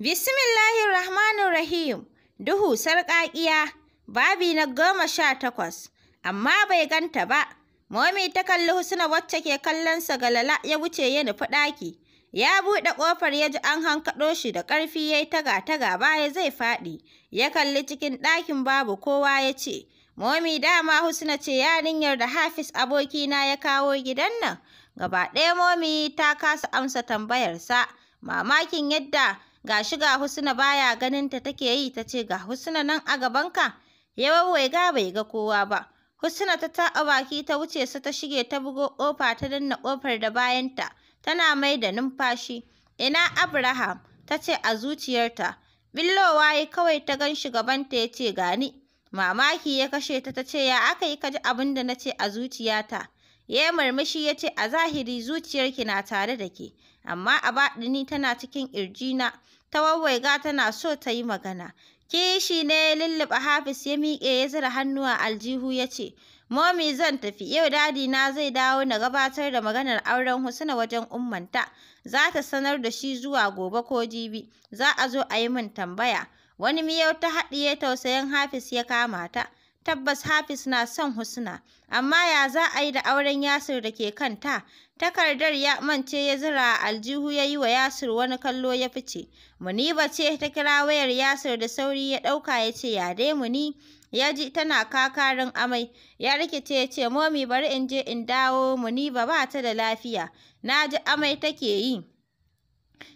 Bismillahirrahmanirrahim duhu sarƙaƙiya, babi na goma sha takwas, amma bai ganta ba. Momi ta kalli Husna wacce ke kallon sa galala ya wuce ya nufi ɗaki. Ya buɗe ƙofar ya ji an hankaɗo shi da ƙarfi ya yi taga-taga baya zai faɗi. Ya kalli cikin ɗakin babu kowa ya ce, Momi dama Husna ce yarinyar da Hafiz abokina ya kawo gidan nan. Gaba ɗaya Momi ta kasa amsa tambayarsa, mamakin yadda ga shi ga husna baya ganin ta take yi ta ce ga husna nan a gabanka ya wawwai ga bai ga kowa ba husna ta taɓa baki ta wuce su ta shige ta bugo ƙofa ta danna ƙofar da bayanta tana mai da numfashi ina abraham ta ce a zuciyarta billowa yi kawai ta gan shi gabanta ya ce gani mamaki ya kashe ta ta ce ya aka yi ka ji abin da na ce a zuciyata Ya murmushi ya ce, A zahiri zuciyarki na tare da ke, amma a baɗini tana cikin ƙirjina, ta wawwaiga tana so ta yi magana. Kishi ne ya hafis Hafiz ya miƙe ya zira hannu a aljihu ya ce, Momi zan tafi, yau dadi na zai dawo na gabatar da maganar auren Husna wajen ummanta. Za ta sanar da shi zuwa gobe ko jibi, za a zo a yi min tambaya. Wani miyau ta haɗiye tausayin Hafis ya kama ta. Tabbas Hafiz na son Husna, amma ya za a yi da auren Yasir da ke kanta? Takardar ya mance ya zira a aljihu ya yi wa Yasir wani kallo ya fice. Muniba ce ta kira wayar Yasir da sauri ya ɗauka ya ce, ya dai muni? ya ji tana kakarin amai ya rikice ya ce momi bari in je in dawo muniba ba ta da lafiya na ji amai take yi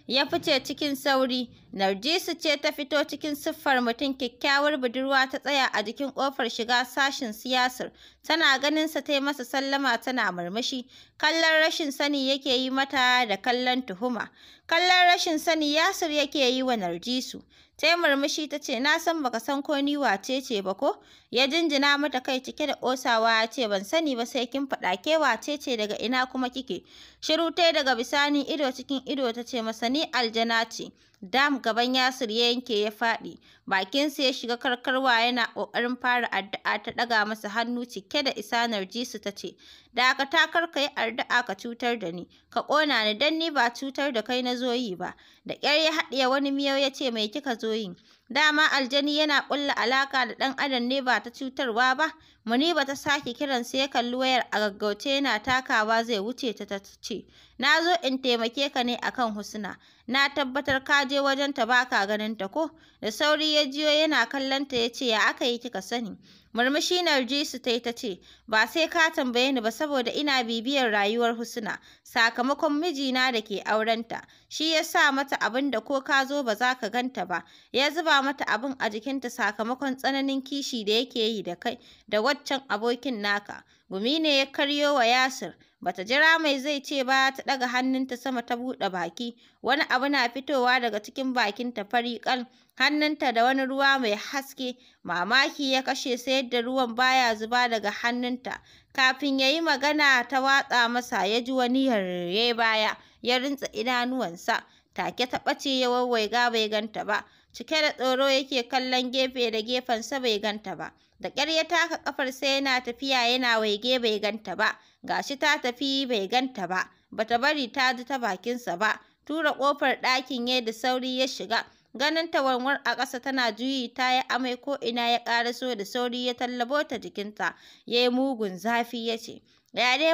ya fice cikin sauri. Narjisu ce ta fito cikin siffar mutum kyakkyawar budurwa ta tsaya a jikin ƙofar shiga sashin siyasar. Tana ganin sa tai masa sallama tana murmushi. Kallon rashin sani yake yi mata da kallon tuhuma. Kallon rashin sani Yasir yake yi wa Narjisu. Ta murmushi ta ce, Na san baka san ko ni wace ce ba ko? Ya jinjina mata kai cike da ƙosawa ya ce, Ban sani ba sai kin faɗa ke wace ce daga ina kuma kike? Shiru ta daga bisani ido cikin ido ta ce masa ni aljana ce. Dam gaban Yasir ya yanke ya faɗi. Bakinsa ya shiga karkarwa yana ƙoƙarin fara addu'a ta ɗaga masa hannu cike da isanar jisu ta ce, Dakata kar ka yi addu'a ka cutar da ni, ka ƙona ni don ni ba cutar da kai na zo yi ba. Da ƙyar ya haɗiye wani miyau ya ce mai kika zo yi. dama aljani yana ƙulla alaƙa da ɗan adam ne ba ta cutarwa ba muniba ta sake kiran sai ya kalli wayar a gaggauce yana takawa zai wuce ta ta ce na zo in taimake ka ne akan husna na tabbatar ka je wajen ta ba ka ganin ta ko da sauri ya jiyo yana kallon ta ya ce ya aka yi kika sani Murmushi Narjisu ta yi ta ce, ba sai ka tambaye ni ba saboda ina bibiyar rayuwar Husna, sakamakon mijina da ke aurenta. Shi ya sa mata abin da ko ka zo ba za ka ganta ba, ya zuba mata abin a jikinta sakamakon tsananin kishi da yake yi da kai da waccan abokin naka. Gumi ne ya karyo wa Yasir, bata jira mai zai ce ba ta ɗaga hannunta sama ta buɗe baki, wani abu na fitowa daga cikin bakinta fari ƙal. hannunta da wani ruwa mai haske mamaki ya kashe sai yadda ruwan baya zuba daga hannunta kafin ya yi magana ta watsa masa ya ji wani yarye baya ya rintsa idanuwansa take ta ɓace ya wawwaiga bai ganta ba cike da tsoro yake kallon gefe da gefensa bai ganta ba da ƙyar ya taka ƙafar sai yana tafiya yana waige bai ganta ba gashi ta tafi bai ganta ba bata bari ta ji ta bakinsa ba tura ƙofar ɗakin ya da sauri ya shiga Ganin tawarwar a ƙasa tana juyi ta yi amai ko ina ya so da sauri ya tallabo ta jikinta, ya yi mugun zafi ya ce,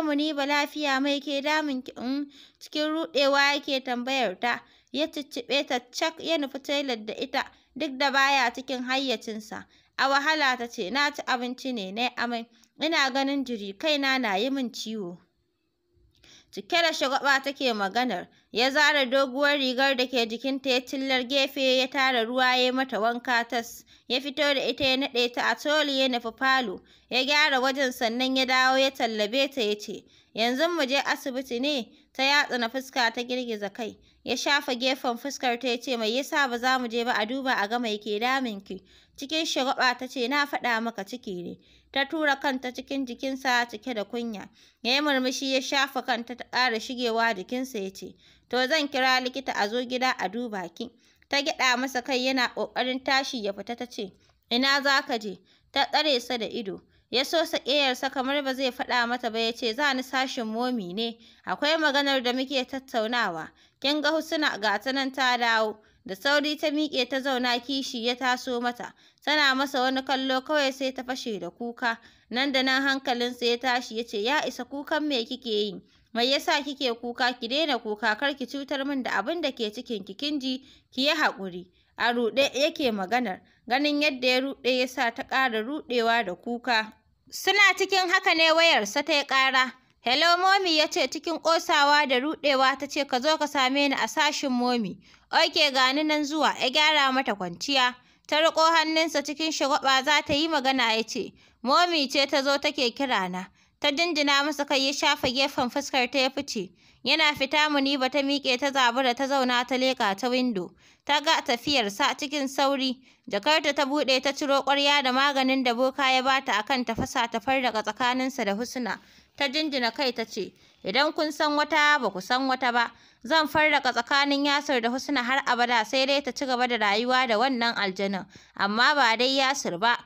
mu dai ba lafiya mai ke damun ki mm, cikin ruɗewa yake tambayar ta, ya ciccibe ta cak ya nufi tailar da ita duk da baya cikin hayyacinsa. A wahala ta ce, Na ci abinci ne, na amai, ina ganin jiri, kaina na yi min ciwo. Cike da shagwaba take maganar, ya zara doguwar rigar da ke jikinta ya cillar gefe ya tara ruwa ya mata wanka tas, ya fito da ita ya naɗe ta a toli ya nufi falo, ya gyara wajen sannan ya dawo ya tallabe ta ya ce, yanzu mu je asibiti ne, ta yatsa na fuska ta girgiza kai, ya shafa gefen fuskar ta ya ce mai yasa ba za mu je ba a duba a ga mai ke damin ki Cikin shagaba ta ce, Na faɗa maka ciki ne. Ta tura kanta cikin jikinsa cike da kunya. Ya yi murmushi ya shafa kanta ta ƙara shigewa jikinsa ya ce, To zan kira likita a zo gida a duba ki. Ta gyaɗa masa kai yana ƙoƙarin tashi ya fita ta ce, Ina za ka je? Ta tsare sa da ido. ya so sa ƙeyarsa kamar ba zai faɗa mata ba ya ce za ni sashin momi ne akwai maganar da muke tattaunawa kin ga husuna ga ta nan ta dawo Da sauri ta miƙe ta zauna kishi ya taso mata. Tana masa wani kallo kawai sai ta fashe da kuka. Nan da nan hankalinsa ya tashi ya ce, ya isa kukan me kike yi? Mai yasa kike kuka? Ki daina kuka kar ki cutar min da abin da ke cikin ki kin ji, ki yi haƙuri. A ruɗe yake maganar. Ganin yadda ya ruɗe ya sa ta ƙara ruɗewa da kuka. Suna cikin haka ne wayarsa ta yi ƙara. Hello Momi ya ce cikin ƙosawa da ruɗewa ta ce ka zo ka same ni a sashin Momi. Oke gani nan zuwa, ya gyara mata kwanciya. Ta riƙo hannunsa cikin shagwaɓa za ta yi magana ya ce, Momi ce ta zo take kira na. Ta jinjina masa kai ya shafa gefen fuskar ta ya fice. Yana fita ba ta miƙe ta zabura ta zauna ta leƙa ta windo. Ta ga tafiyarsa cikin sauri. Jakarta ta buɗe ta ciro ƙwarya da maganin da boka ya bata akan tafasa fasa ta farraka tsakaninsa da Husna. Ta jinjina kai ta ce, Idan kun san wata ba ku san wata ba, zan farraka tsakanin Yasir da Husna har abada sai dai ta ci gaba da rayuwa da wannan aljanin amma ba dai Yasir ba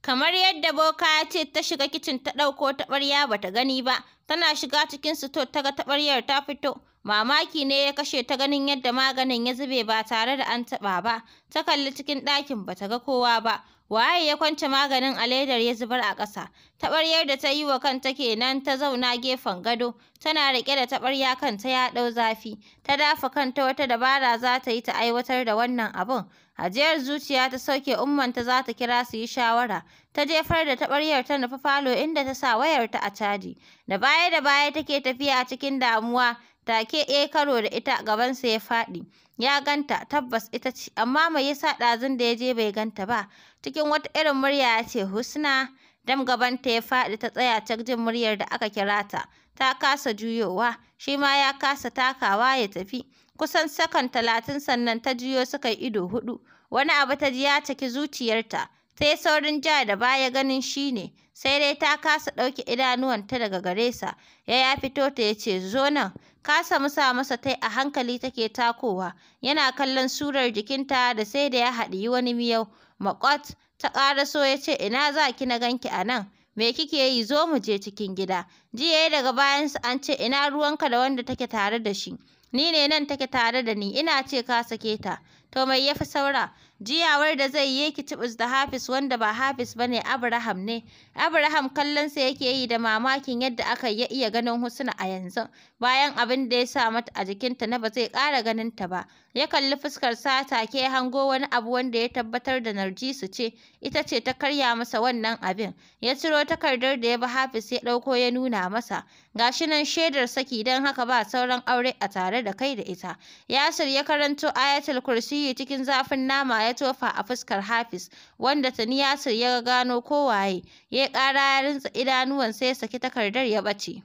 kamar yadda boka ya ce ta shiga kicin ta ɗauko taɓarya ba ta gani ba tana shiga cikin sito ta ga taɓaryar ta fito mamaki ne ya kashe ta ganin yadda maganin ya zube ba tare da an taɓa ba ta kalli cikin ɗakin ba ta ga kowa ba Waye ya kwance maganin a ledar ya zubar a ƙasa. Taɓaryar da ta yi wa kanta kenan ta zauna gefen gado, tana riƙe da taɓarya kanta ya ɗau zafi. Ta dafa kanta wata dabara za ta yi ta aiwatar da wannan abin. Ajiyar zuciya ta sauke ummanta za ta kira su yi shawara. Ta jefar da taɓaryar ta nufi falo inda ta sa wayarta a caji. Da baya da baya take tafiya cikin damuwa, take ɗaya eh karo da ita gabansa ya faɗi. Ya ganta tabbas ita ce, amma mai sa ɗazun da ya je bai ganta ba. Cikin wata irin murya ya ce, Husna, dam gabanta ya faɗi ta tsaya cak jin muryar da aka kira ta. Ta kasa juyowa, shi ma ya kasa takawa ya tafi. Kusan sakan talatin sannan ta juyo suka yi ido huɗu. Wani abu ta ji ya caki zuciyarta. sai saurin ja da baya ganin shi ne, sai dai ta kasa ɗauke idanuwanta daga gare sa, ya ya fito ta ya ce zo nan, kasa musa masa tai a hankali take takowa, yana kallon surar jikinta da sai da ya haɗiyi wani miyau, Makot ta ƙaraso ya ce, ina za ki na ganki a nan? Me kike yi? Zo mu je cikin gida. Jiya ya yi daga bayansu an ce, ina ruwanka da wanda take tare da shi? Ni ne nan take tare da ni, ina ce ka sake ta. To mai ya fi saura? Jiyawar da zai yi ki cibis da Hafiz wanda ba Hafis ba ne Abraham ne. Abraham kallonsa yake yi da mamakin yadda aka ya iya ganin Husna a yanzu. Bayan abin da ya sa mata a jikinta na ba zai ƙara ganin ta ba. ya kalli fuskar sa take hango wani abu wanda ya tabbatar da Narjisu ce ita ce ta karya masa wannan abin ya ciro takardar da ya bi Hafiz ya ɗauko ya nuna masa gashi nan shaidar saki dan haka ba sauran aure a tare da kai da ita Yasir ya karanto ayatul kursiyi cikin zafin nama ya tofa a fuskar Hafiz wanda tuni Yasir ya gano ko waye, ya ƙara ya idanuwan sai saki takardar ya bace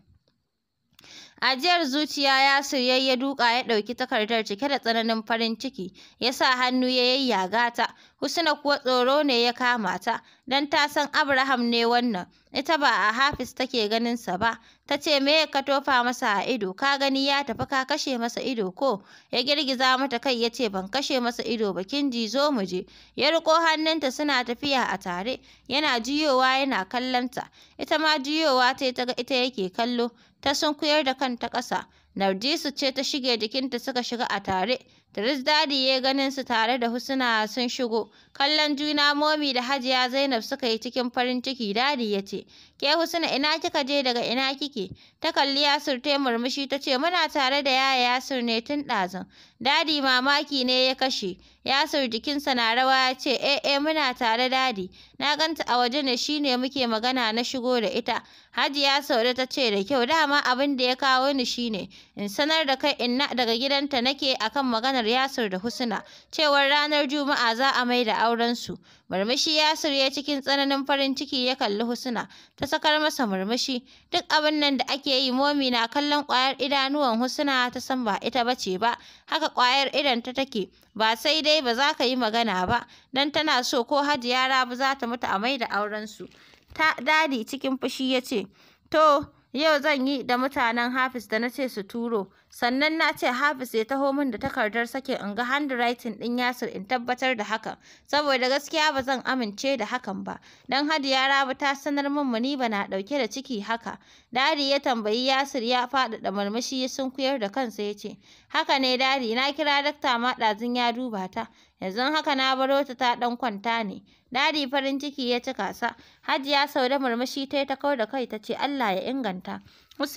Ajiyar zuciya ya ya duka ya ɗauki takardar cike da tsananin farin ciki, ya sa hannu ya yayyaga ta, Husna kuwa tsoro ne ya kama ta, don ta san Abraham ne wannan, ita ba a Hafiz take ganinsa ba, ta ce me ya ka tofa masa a ido, ka gani ya tafi ka kashe masa ido ko, ya girgiza mata kai ya ce ban kashe masa ido ba kin ji zo mu je, ya riko hannunta suna tafiya a tare, yana jiyowa yana kallonta, ita ma jiyowa ta ta ga ita yake kallo, ta sunkuyar da kanta ƙasa. Narjisu ce ta shige jikinta suka shiga a tare. Idris dadi ya ganin su tare da Husna sun shigo. Kallon juna Momi da Hajiya Zainab suka yi cikin farin ciki dadi ya ce, "Ke Husna ina kika je daga ina kike?" Ta kalli Yasir ta murmushi ta ce, "Muna tare da yaya Yasir ne tun ɗazun." Dadi mamaki ne ya kashe. Yasir jikinsa na rawa ya ce, "Eh eh muna tare dadi. Na ganta a waje ne shine muke magana na shigo da ita." Hajiya Saude ta ce da kyau, "Dama abin da ya kawo ni shine in sanar da kai inna daga gidanta nake akan maganar Yasir da Husna cewar ranar Juma'a za a mai da auren su Murmushi Yasir ya cikin tsananin farin ciki ya kalli Husna ta sakar masa murmushi duk abin nan da ake yi momi na kallon ƙwayar idanuwan Husna ta san ba ita ce ba haka ƙwayar idan ta take ba sai dai ba za ka yi magana ba dan tana so ko Hajiya rabu za ta mutu a mai da aurensu. Ta dadi cikin fushi ya ce to yau zan yi da mutanen Hafiz da na ce su turo sannan na ce Hafiz ya taho min da takardar sakin in ga handwriting ɗin Yasir in tabbatar da hakan saboda gaskiya ba zan amince da hakan ba dan Hadiya rabu ta sanar min muni ba na ɗauke da ciki haka Dadi ya tambayi Yasir ya faɗaɗa murmushi ya sunkuyar da kansa ya ce haka ne Dadi na kira dakta ma ɗazun ya duba ta yanzu haka na baro ta ta ɗan kwanta ne Dadi farin ciki ya cika sa Hajiya Saude murmushi ta yi ta kau da kai ta ce Allah ya inganta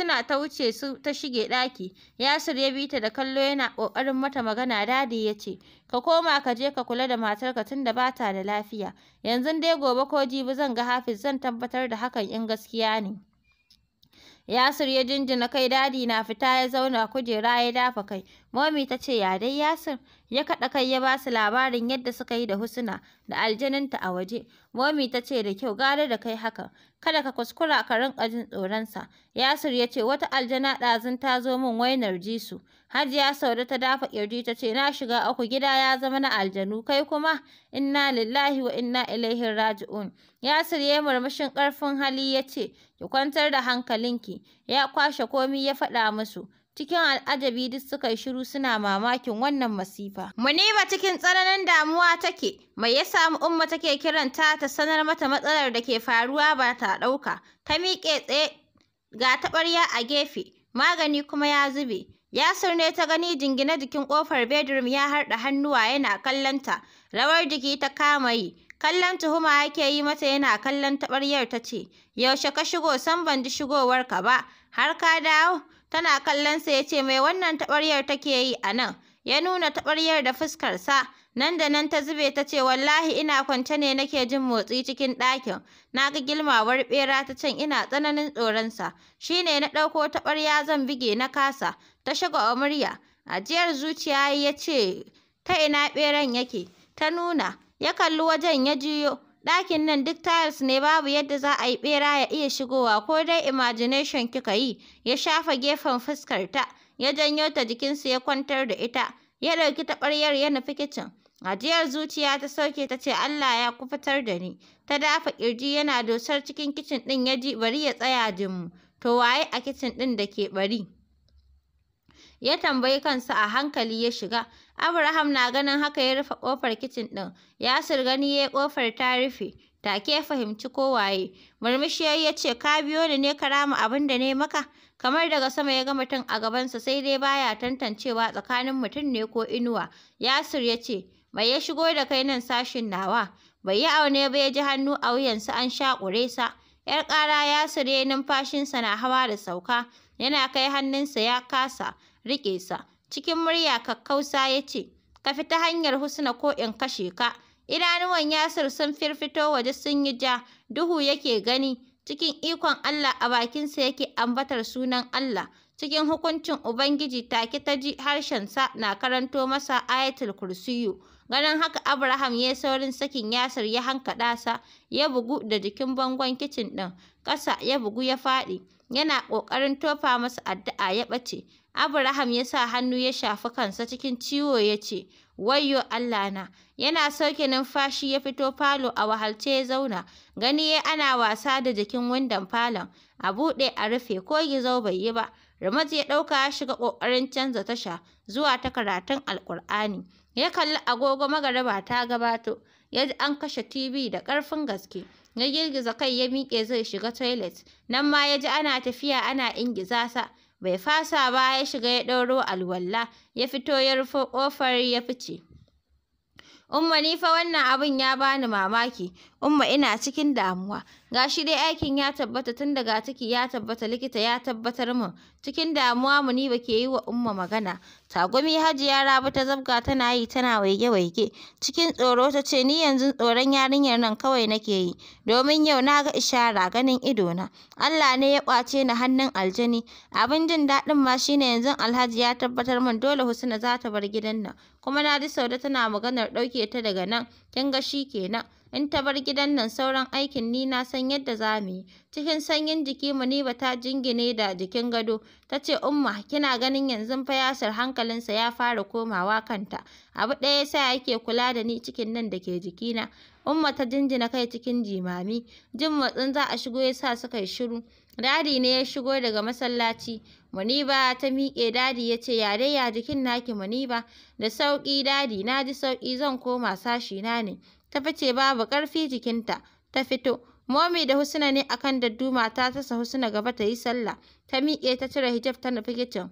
na ta wuce su ta shige ɗaki. Yasir ya bi ta da kallo yana ƙoƙarin mata magana dadi ya ce, Ka koma ka je ka kula da matarka tunda ba ta da lafiya. Yanzu dai gobe ko jibi zan ga Hafiz zan tabbatar da hakan in gaskiya ne. Yasir ya jinjina kai dadi na fita ya zauna kujera ya dafa kai. Mami ta ce, Ya dai Yasir? ya kaɗa kai ya ba su labarin yadda suka yi da Husna da aljaninta a waje. Momi ta ce da kyau gara da kai haka kada ka kuskura ka rinƙa jin tsoronsa. Yasir ya ce wata aljana ɗazun ta zo min wainar jisu. Hajiya Saude ta dafa ƙirji ta ce na shiga uku gida ya zama na aljanu kai kuma inna lillahi wa inna ilaihi raji'un. Yasir ya yi murmushin ƙarfin hali ya ce ki kwantar da hankalinki ya kwashe komi ya faɗa musu. Cikin al'ajabi duk suka yi shiru suna mamakin wannan masifa. Muniba cikin tsananin damuwa take, mai ya samu Umma take kiranta ta sanar mata matsalar da ke faruwa ba ta ɗauka. Ta miƙe tsaye ga taɓarya a gefe, magani kuma ya zube. Yasir ne ta gani jingina jikin ƙofar bedroom ya harɗa hannuwa yana kallon ta Rawar jiki ta kama yi. Kallon tuhuma yake yi mata yana kallon taɓaryar ta ce, Yaushe ka shigo san ban ji shigowarka ba, har ka dawo. Tana kallonsa ya ce, mai wannan taɓaryar take yi a nan? Ya nuna taɓaryar da fuskarsa. Nan da nan ta zube ta ce, wallahi ina kwance ne nake jin motsi cikin ɗakin. Na ga gilmawar ɓera ta can ina tsananin tsoronsa. Shi ne na ɗauko taɓarya zan buge na kasa. Ta shiga murya. Ajiyar zuciya ya ce, ta ina ɓeran yake? Ta nuna. Ya kalli wajen ya jiyo. ɗakin nan duk tiles ne babu yadda za a yi ɓera ya iya shigowa ko dai imagination kika yi ya shafa gefen fuskar ta ya janyo ta jikinsu ya kwantar da ita ya ɗauki taɓaryar ya nufi kicin ajiyar zuciya ta sauke ta ce Allah ya kufatar da ni ta dafa ƙirji yana dosar cikin kicin ɗin ya ji bari ya tsaya jinmu to waye a kicin ɗin da ke bari ya tambayi kansa a hankali ya shiga. Abraham na ganin haka ya rufe ƙofar kicin ɗin, Yasir gani ya yi ƙofar ta rufe, take ke fahimci waye? Murmushi ya ce, ka biyo ni ne ka rama abin da ne maka? kamar daga sama ya ga mutum a gabansa sai dai baya tantancewa tsakanin mutum ne ko inuwa. Yasir ya ce, bai ya shigo da kai nan sashin nawa, bai yi aune ba ya ji hannu a wuyansa an sha sa. ‘Yar ƙara Yasir ya numfashinsa na hawa da sauka, yana kai hannunsa ya kasa. riƙe sa. Cikin murya kakkausa ya ce, Ka fita hanyar Husna ko in kashe ka. Idanuwan Yasir sun firfito waje sun yi ja, duhu yake gani, cikin ikon Allah a bakinsa yake ambatar sunan Allah, cikin hukuncin Ubangiji take ta ji harshen sa na karanto masa ayatul kursiyu. Ganin haka Abraham ya saurin sakin Yasir ya hankaɗa sa, ya bugu da jikin bangon kicin ɗin, ƙasa ya bugu ya faɗi, yana ƙoƙarin tofa masa addu'a ya ɓace. Abraham ya sa hannu ya shafi kansa cikin ciwo ya ce, Wayyo Allah na, yana sauke numfashi ya fito falo a wahalce ya zauna, gani ya ana wasa da jikin windon falon, a buɗe a rufe ko gizo bai yi ba. Ramaz ya ɗauka ya shiga ƙoƙarin canza tasha zuwa ta karatun Alƙur'ani. Ya kalli agogo magariba ta gabato, ya ji an kashe TV da ƙarfin gaske. Ya girgiza kai ya miƙe zai shiga toilet, nan ma ya ji ana tafiya ana ingiza Bai fasa ba ya shiga ya ɗauro alwala, ya fito ya rufe ƙofar ya fice. Umma ni fa wannan abin ya bani mamaki. Umma ina cikin damuwa. Ga shi dai aikin ya tabbata tun daga ciki ya tabbata likita ya tabbatar min. Cikin damuwa mu ni bake yi wa Umma magana. Tagumi Hajiya Rabi ta zabga tana yi tana waige-waige. Cikin tsoro ta ce ni yanzu tsoron yarinyar nan kawai nake yi. Domin yau na ga ishara ganin ido na Allah ne ya ƙwace ni hannun aljani. Abin jin daɗin ma shine yanzu Alhaji ya tabbatar min dole Husna za ta bar gidan nan. kuma na ji Saude tana maganar ɗauke ta daga nan, kin ga shi kenan. in ta bar gidan nan sauran aikin ni na san yadda za mu yi cikin sanyin jiki Muniba ta jingine da jikin gado ta ce umma kina ganin yanzu fa Yasir hankalinsa ya fara komawa kanta abu ɗaya yasa yake kula da ni cikin nan da ke jikina umma ta jinjina kai cikin jimami jin matsin za a shigo ya sa suka yi shiru dadi ne ya shigo daga masallaci Muniba ta miƙe dadi ya ce ya dai ya jikin naki Muniba da sauƙi dadi na ji sauƙi zan koma sashi na ne ta fice babu ƙarfi jikinta ta fito momi da husna ne akan dadduma ta tasa husna gaba ta yi sallah ta miƙe ta cire hijab ta nufi kicin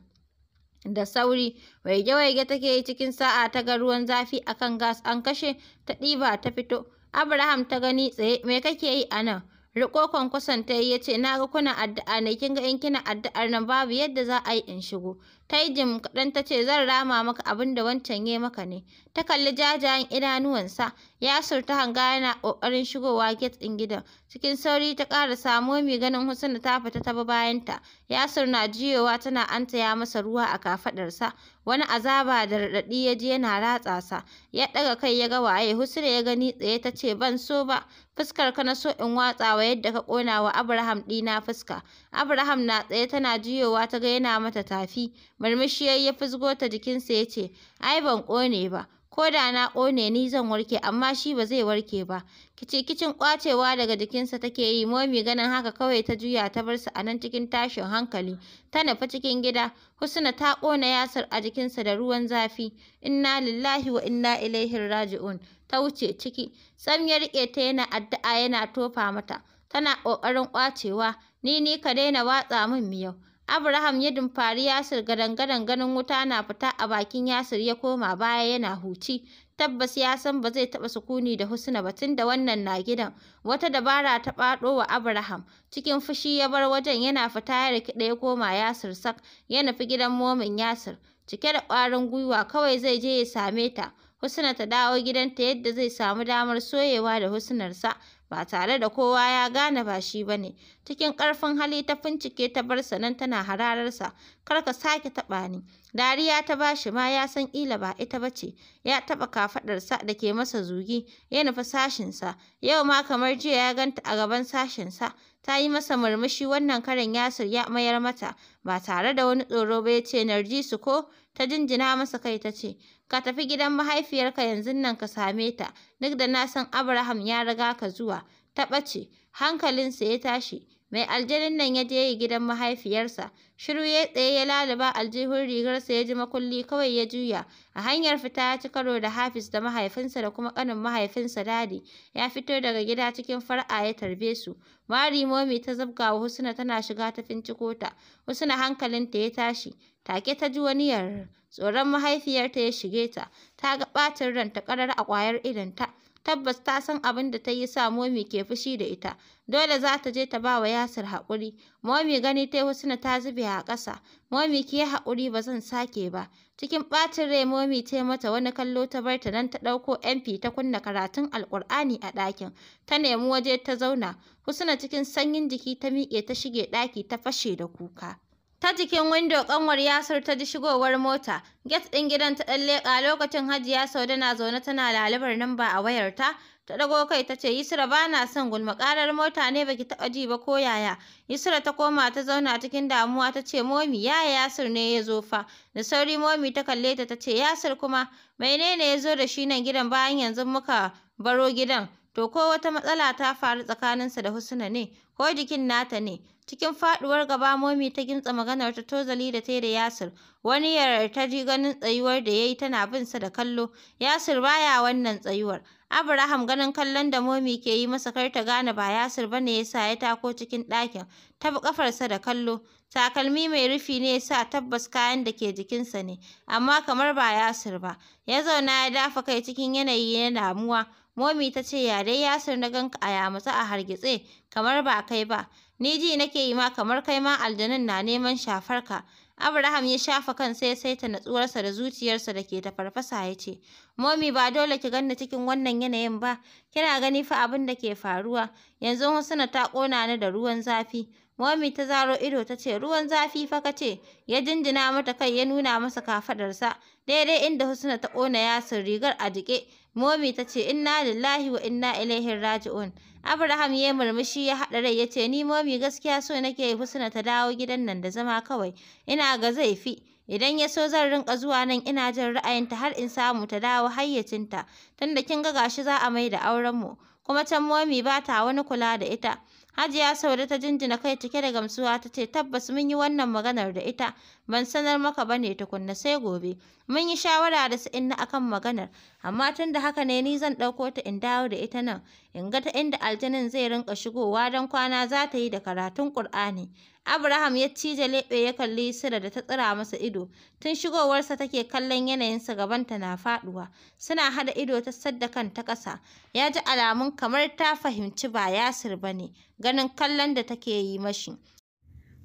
da sauri waige-waige take yi cikin sa'a ta ga ruwan zafi akan gas an kashe ta ɗiba ta fito abraham ta gani tsaye me kake yi a nan riko kwankwason ta yi ya ce na ga kuna addu'a ne kin ga in kina addu'ar nan babu yadda za a yi in shigo Ta yi jim kaɗan ta ce zan rama maka abin da wancan ya maka ne. Ta kalli jajayen idanuwansa. Yasir ta hanga yana ƙoƙarin shigowa get ɗin gidan. Cikin sauri ta ƙara samo mai ganin Husna ta fita ta bi bayanta. Yasir na jiyowa tana antaya masa ruwa a kafaɗarsa. Wani azaba da raɗaɗi ya ji yana ratsa sa. Ya ɗaga kai ya ga waye Husna ya gani tsaye ta ce ban so ba. Fuskar ka na so in watsawa yadda ka ƙona wa Abraham ɗina fuska. Abraham na tsaye tana jiyowa ta ga yana mata tafi. Murmushi ya yi fizgo ta jikinsa ya ce, Ai ban ƙone ba, ko da na ƙone ni zan warke amma shi ba zai warke ba. Kicikicin ƙwacewa daga jikinsa take yi momi ganin haka kawai ta juya ta bar su a nan cikin tashin hankali. Ta nufi cikin gida, Husna ta ƙona yasar a jikinsa da ruwan zafi. Inna lillahi wa inna ilaihi raji'un. Ta wuce ciki, Sam ya riƙe ta yana addu'a yana tofa mata. Tana ƙoƙarin ƙwacewa, ni ni ka daina watsa min miyau. Abraham ya dumfari Yasir gadan-gadan ganin wuta na fita a bakin Yasir ya koma baya yana huci. Tabbas ya san ba zai taɓa sukuni da Husna ba tun da wannan na gidan. Wata dabara ta faɗo wa Abraham. Cikin fushi ya bar wajen yana fita ya rikida ya koma Yasir sak. Ya nufi gidan momin Yasir. Cike da ƙwarin gwiwa kawai zai je ya same ta. Husna ta dawo gidanta yadda zai samu damar soyewa da Husnarsa ba tare da kowa ya gane ba shi ba ne. Cikin ƙarfin hali ta fincike ta bar sa nan tana hararsa, kar ka sake taɓa ni. Dariya ta ba shi ma ya san ƙila ba ita bace. ya taɓa kafaɗarsa da ke masa zugi, ya nufi sashinsa, yau ma kamar jiya ya ganta a gaban sashinsa, ta yi masa murmushi wannan karin Yasir ya mayar mata, ba tare da wani tsoro ba ya ce Narjisu ko ta jinjina masa kai ta ce, Ka tafi gidan mahaifiyarka yanzu nan ka same ta, duk da na san Abraham ya riga ka zuwa. Ta ɓace, hankalinsa ya tashi, mai aljanin nan ya je gidan mahaifiyarsa. Shiru ya tsaye ya laluba aljihun rigarsa ya ji makulli kawai ya juya. A hanyar fita ya ci karo da Hafiz da mahaifinsa da kuma ƙanin mahaifinsa Dadi. Ya fito daga gida cikin far'a ya tarbe su. Mari Momi ta zabga wa Husna tana shiga ta finciko ta. Husna hankalinta ya tashi. Take ta ji wani yar. Tsoron mahaifiyarta ya shige ta. Ta ga ɓacin ta ƙarar a ƙwayar idonta. Tabbas ta san abin da ta yi sa Momi ke fushi da ita. Dole za ta je ta ba wa Yasir haƙuri. Momi gani ta Husna ta zube a ƙasa. Momi ki yi haƙuri ba zan sake ba. Cikin ɓacin rai Momi ta mata wani kallo ta bar ta nan ta ɗauko MP ta kunna karatun Alƙur'ani a ɗakin. Ta nemi waje ta zauna. Husna cikin sanyin jiki ta miƙe ta shige ɗaki ta fashe da kuka. Ta jikin windo kanwar Yasir ta ji shigowar mota. Get ɗin gidan ta ɗan leƙa lokacin Hajiya Saude na zaune tana lalibar namba a wayarta. Ta ɗago kai ta ce, Yusra ba na son gulma ƙarar mota ne baki taɓa ji ba ko yaya. Yusra ta koma ta zauna cikin damuwa ta ce, Momi yaya Yasir ne ya zo fa. Da sauri Momi ta kalle ta ta ce, Yasir kuma menene ya zo da shi nan gidan bayan yanzu muka baro gidan. To ko wata matsala ta faru tsakaninsa da Husna ne, ko jikin nata ne? Cikin faɗuwar gaba Momi ta gintsa maganar ta tozali da ta da Yasir. Wani yarar ta ji ganin tsayuwar da ya yi tana bin sa da kallo. Yasir baya wannan tsayuwar. Abraham ganin kallon da Momi ke yi masa kar ta gane ba Yasir bane ne yasa ya tako cikin ɗakin. Ta bi ƙafarsa da kallo. Takalmi mai rufi ne sa tabbas kayan da ke jikinsa ne, amma kamar ba Yasir ba. Ya zauna ya dafa kai cikin yanayi na damuwa. Momi ta ce ya dai Yasir na ganka a yamutse a hargitse kamar ba kai ba. Ni ji nake yi ma kamar kai ma aljanun na neman shafar ka. Abraham ya shafa kansa ya saita natsuwarsa da zuciyarsa da ke ta farfasa ya ce, Momi ba dole ki ganni cikin wannan yanayin ba, kina gani fa abin da ke faruwa, yanzu Husna ta ƙona ni da ruwan zafi. Momi ta zaro ido ta ce, ruwan zafi fa ka ce, ya jinjina mata kai ya nuna masa kafaɗarsa, daidai inda Husna ta ƙona Yasir, rigar a jiƙe, Momi ta ce, Inna lillahi wa inna ilaihi raji'un. Abraham ya murmushi ya haɗa rai ya ce, Ni Momi gaskiya so nake Husna ta dawo gidan nan da zama kawai. Ina ga zai fi. Idan ya so zan rinƙa zuwa nan ina jin ra'ayinta har in samu ta dawo hayyacinta. Tunda kin ga gashi za a mai da aurenmu. Kuma can Momi ba ta wani kula da ita. Hajiya Saude ta jinjina kai cike da gamsuwa ta ce tabbas mun yi wannan maganar da ita ban sanar maka ba ne tukunna sai gobe. Mun yi shawara da su inna akan maganar amma tun da haka ne ni zan ɗauko ta in dawo da ita nan in ga ta inda aljanin zai rinka shigowa don kwana za ta yi da karatun Ƙur'ani. Abraham ya cije leɓe ya kalli Sira da ta tsira masa ido. Tun shigowarsa take kallon yanayinsa gabanta na faɗuwa. Suna hada ido ta sadda kan ta ƙasa. Ya ji alamun kamar ta fahimci ba Yasir ba ne, ganin kallon da take yi mashi.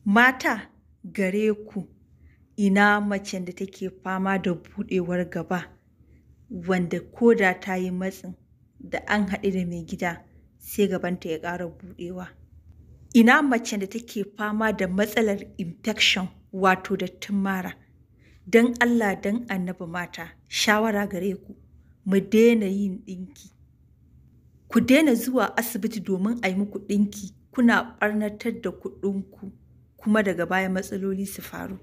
Mata gare ku, ina mace da take fama da buɗewar gaba, wanda koda ta yi matsin da an haɗu da mai gida, sai gabanta ya ƙara buɗewa. Ina mace da take fama da matsalar infection wato dattin mara? Don Allah don annabi mata, shawara gare ku, mu daina yin ɗinki. Ku daina zuwa asibiti domin a yi muku ɗinki, kuna ɓarnatar da kuɗinku kuma daga baya matsaloli su faru.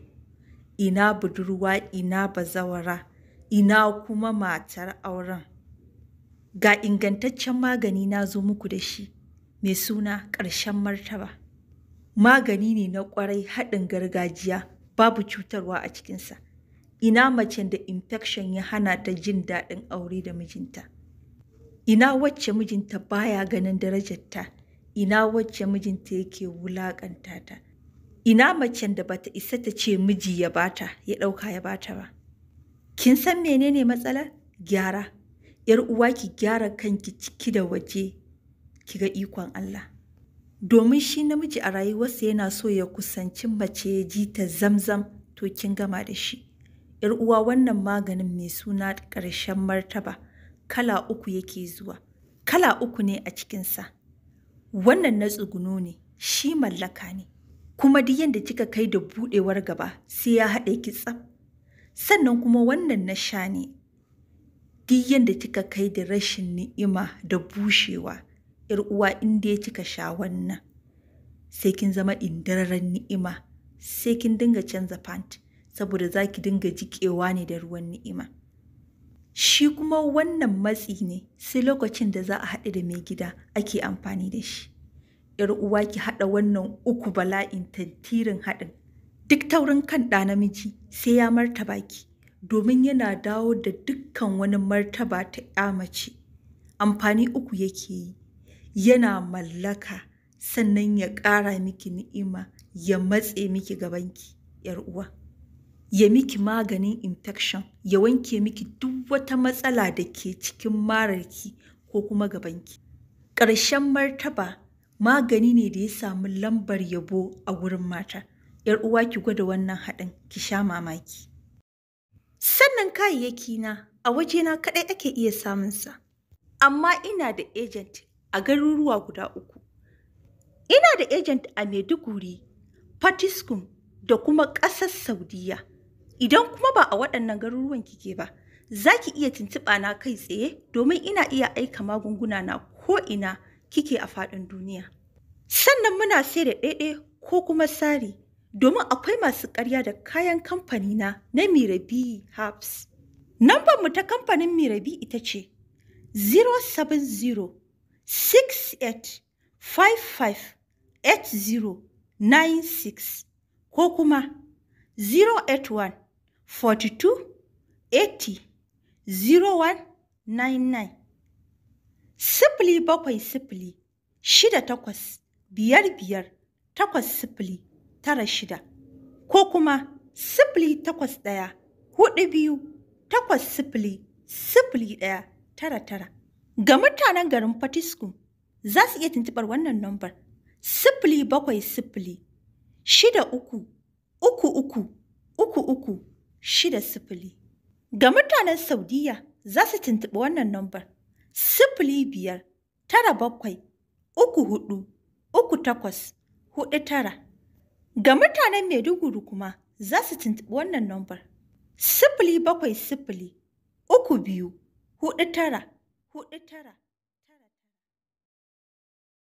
Ina budurwa, ina bazawara, ina kuma matar auren. Ga ingantaccen magani na zo muku da shi. mai suna ƙarshen martaba. Magani ne na ƙwarai haɗin gargajiya babu cutarwa a cikinsa. Ina macen da infection ya hana ta jin daɗin aure da mijinta. Ina wacce mijinta baya ganin darajarta, ina wacce mijinta yake wulaƙanta ta. Ina macen da bata isa ta ce miji ya bata, ya ɗauka ya bata ba. Kin san menene matsalar? Gyara. ‘Yar uwa ki gyara kanki ciki da waje Ki ga ikon Allah. Domin shi namiji a rayuwarsa yana so ya kusanci mace ya ji ta zamzam to kin gama da shi. ‘Yar uwa wannan maganin mai suna ƙarshen martaba kala uku yake zuwa. Kala uku ne a cikinsa. Wannan na tsuguno ne, shi mallaka ne. Kuma duk yadda kika kai da buɗewar gaba sai ya haɗe ki tsaf. Sannan kuma wannan na sha ne duk yadda kika kai da rashin ni'ima da bushewa ‘yar uwa in dai cika sha wannan sai kin zama indararren ni'ima sai kin dinga canza pant saboda za ki dinga jiƙewa ne da ruwan ni'ima. Shi kuma wannan matsi ne sai lokacin da za a haɗu da mai gida ake amfani da shi. ‘Yar uwa ki haɗa wannan uku bala'in tantirin haɗin. Duk taurin kan ɗa namiji sai ya martaba ki domin yana dawo da dukkan wani martaba ta ƴa mace. Amfani uku yake yi. yana mallaka sannan ya ƙara miki ni'ima ya matse miki gabanki ‘yar uwa ya miki maganin infection ya wanke miki duk wata matsala da ke cikin mararki ko kuma gabanki ƙarshen martaba magani ne da ya samu lambar yabo a wurin mata ‘yar uwa ki gwada wannan haɗin ki sha mamaki sannan kayayyaki na a na kaɗai ake iya samunsa amma ina da agent a garuruwa guda uku. Ina da agent a Maiduguri, Fatiskum da kuma ƙasar Saudiya. Idan kuma ba a waɗannan garuruwan kike ba, za ki iya tuntuɓa na kai tsaye domin ina iya aika magunguna na ko ina kike a faɗin duniya. Sannan muna sai da ɗaiɗe ko kuma sari domin akwai masu ƙarya da kayan kamfani na na Mirabi Herbs. Nambar mu ta kamfanin Mirabi ita ce 070 68558096 ko kuma 081 42 80 0199. Sifili bakwai sifili shida takwas biyar biyar takwas sifili tara shida ko kuma sifili takwas ɗaya huɗu biyu takwas sifili sifili ɗaya tara tara. Ga mutanen garin Fatisku za su iya tuntuɓar wannan nombar. sifili bakwai sifili shida uku uku uku uku uku shida sifili. Ga mutanen Saudiya za su tuntubi wannan nombar. sifili biyar tara bakwai uku hudu uku takwas hudu tara. Ga mutanen Maiduguri kuma za su tuntubi wannan nombar. sifili bakwai sifili uku biyu hudu tara. huɗu tara